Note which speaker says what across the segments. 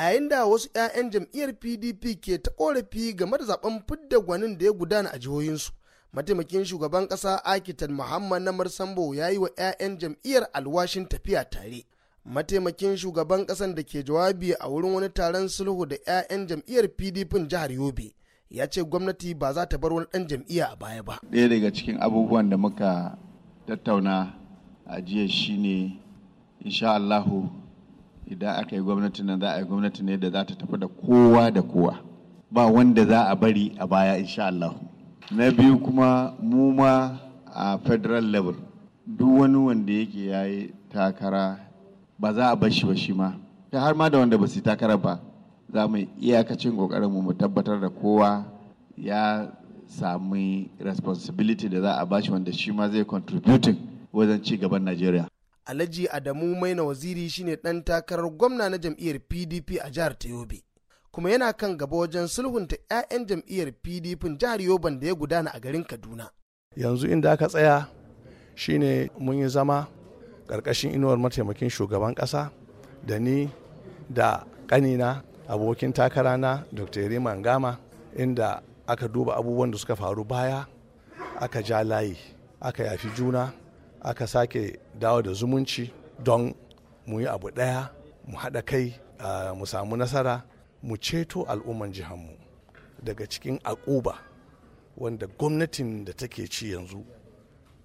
Speaker 1: a yayin da wasu 'ya'yan jam'iyyar pdp ke ta korafi game da zaben fidda gwanin da ya gudana a jihohinsu mataimakin shugaban kasa akitan muhammad na marsambo ya yi wa 'ya'yan jam'iyyar alwashin tafiya tare mataimakin shugaban kasan da ke jawabi a wurin wani taron sulhu da 'ya'yan jam'iyyar pdp jihar yobe ya ce gwamnati ba za ta bar wani dan jam'iyya a
Speaker 2: baya ba ɗaya daga cikin abubuwan da muka tattauna a jiya shine insha Allahu idan aka yi gwamnatin nan za a yi gwamnati ne da za ta tafi da kowa da kowa ba wanda za a bari a baya insha Allah na biyu kuma mu ma a federal level duk wani wanda yake yayi takara ba za a bar shi ba shi ma ta har ma da wanda ba su takara ba za mu iyakacin kokarin mu tabbatar da kowa ya sami responsibility da za a bashi wanda shi ma zai contributing wajen ci gaban Najeriya
Speaker 1: Alhaji Adamu Maina Waziri shine ɗan takarar gwamna na jam'iyyar PDP a jihar ta Yobe. Kuma yana kan gaba wajen sulhunta 'ya'yan jam'iyyar PDP jihar Yoban da ya gudana a garin Kaduna.
Speaker 3: Yanzu inda aka tsaya shine mun yi zama ƙarƙashin inuwar mataimakin shugaban ƙasa da ni da ƙanina abokin takara na Dr. Rima gama inda aka duba abubuwan da suka faru baya aka ja layi aka yafi juna aka sake dawo da zumunci don mu yi abu ɗaya mu haɗa kai mu samu nasara mu ceto al'umman jihanmu daga cikin akuba wanda gwamnatin da take ci yanzu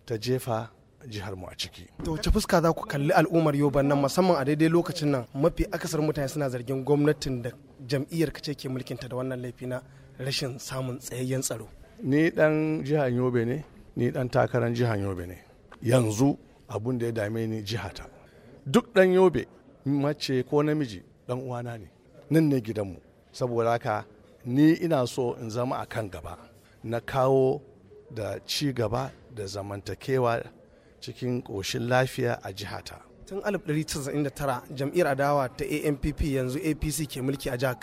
Speaker 3: ta jefa jihar mu a ciki.
Speaker 1: To wace fuska za ku kalli al'ummar yau nan musamman a daidai lokacin nan mafi akasar mutane suna zargin gwamnatin da jam'iyyar kace ke mulkinta da wannan laifi na rashin samun tsayayyen tsaro.
Speaker 3: Ni dan jihar Yobe ne, ni dan takarar jihar Yobe ne. yanzu abun da ya dame ni jihata duk dan yobe mace ko namiji dan uwana ne nan ne gidanmu saboda haka ni ina so in zama a kan gaba na kawo da ci gaba da zamantakewa cikin ƙoshin lafiya a jihata
Speaker 1: tun 1999 jam'iyyar adawa ta ampp yanzu apc ke mulki a jihar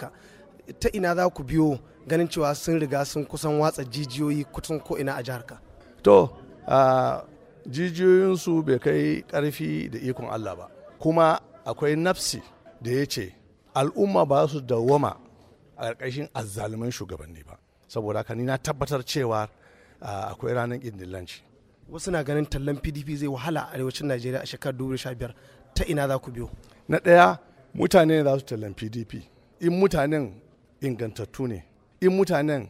Speaker 1: ta ina za ku biyo ganin cewa sun riga sun kusan watsa jijiyoyi kutun ko ina a jihar
Speaker 3: ka to ah, jijiyoyinsu bai kai ƙarfi da ikon Allah ba kuma akwai nafsi da ya ce al'umma ba su dawwama a ƙarƙashin azzaluman shugabanni ba saboda haka ni na tabbatar cewa akwai ranar ƙindillanci wasu na ganin tallan pdp zai wahala a arewacin
Speaker 1: najeriya a shekarar 2015 ta ina za ku biyo
Speaker 3: na ɗaya mutane za su tallan pdp in mutanen ingantattu ne in mutanen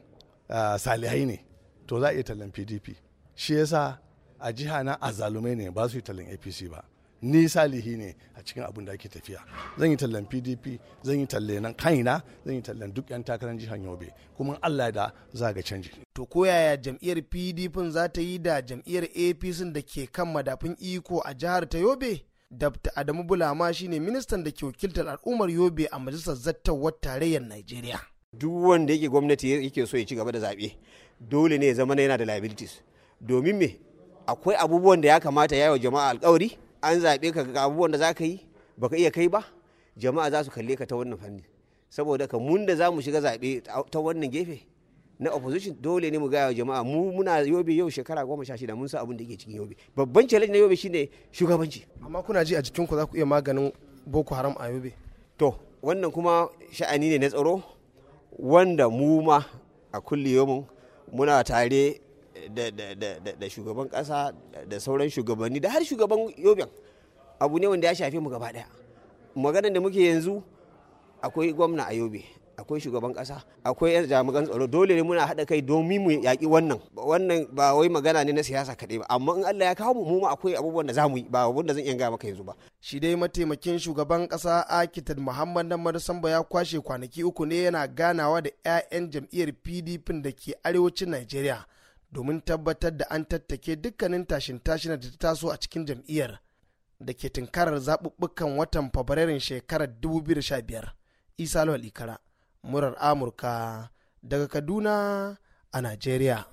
Speaker 3: salihai ne to za a iya tallan pdp shi yasa a jiha na azalumai ne ba su yi tallan apc ba ni salihi ne a cikin abin da ake tafiya zan yi tallan pdp zan yi tallan nan kaina zan yi tallan duk yan takarar jihar yobe kuma allah da za ga canji to ko
Speaker 1: yaya jam'iyyar pdp za ta yi da jam'iyyar apc da ke kan madafin iko a jihar ta yobe dabta adamu bulama shine ministan da ke wakiltar al'ummar yobe a majalisar zattawar tarayyar
Speaker 4: nigeria. duk wanda yake gwamnati yake so ya ci gaba da zaɓe dole ne ya zama yana da liabilities domin me akwai abubuwan da ya kamata yi wa jama'a alkawari an zaɓe ka ga abubuwan da za ka yi ba ka iya kai ba jama'a za su kalle ka ta wannan fanni saboda ka mun da za mu shiga zaɓe ta wannan gefe na opposition dole ne mu gaya wa jama'a mu muna yobe yau shekara goma sha shida mun san abin da yake cikin yobe babban challenge na yobe shine
Speaker 1: shugabanci amma kuna ji a jikin ku za ku iya maganin boko haram a yobe to
Speaker 4: wannan kuma sha'ani ne na tsaro wanda mu ma a kulle yomin muna tare da shugaban kasa da sauran shugabanni da har shugaban yobin abu ne wanda ya shafi mu gaba daya maganar da muke yanzu akwai gwamna a yobe akwai shugaban kasa akwai yan jami'an tsaro dole ne muna haɗa kai domin mu yaƙi wannan wannan ba wai magana ne na siyasa kaɗai ba amma in Allah ya kawo mu mu akwai abubuwan da zamu yi ba abun da zan iya maka yanzu ba
Speaker 1: shi dai mataimakin shugaban kasa Akitan Muhammad Namar Samba ya kwashe kwanaki uku ne yana ganawa da 'ya'yan jam'iyyar PDP da ke arewacin Najeriya domin tabbatar da an tattake dukkanin tashin tashin da ta taso a cikin jam'iyyar da ke tunkarar zaɓuɓɓukan watan fabrairun shekarar 2015 isa lalikara murar amurka daga kaduna a najeriya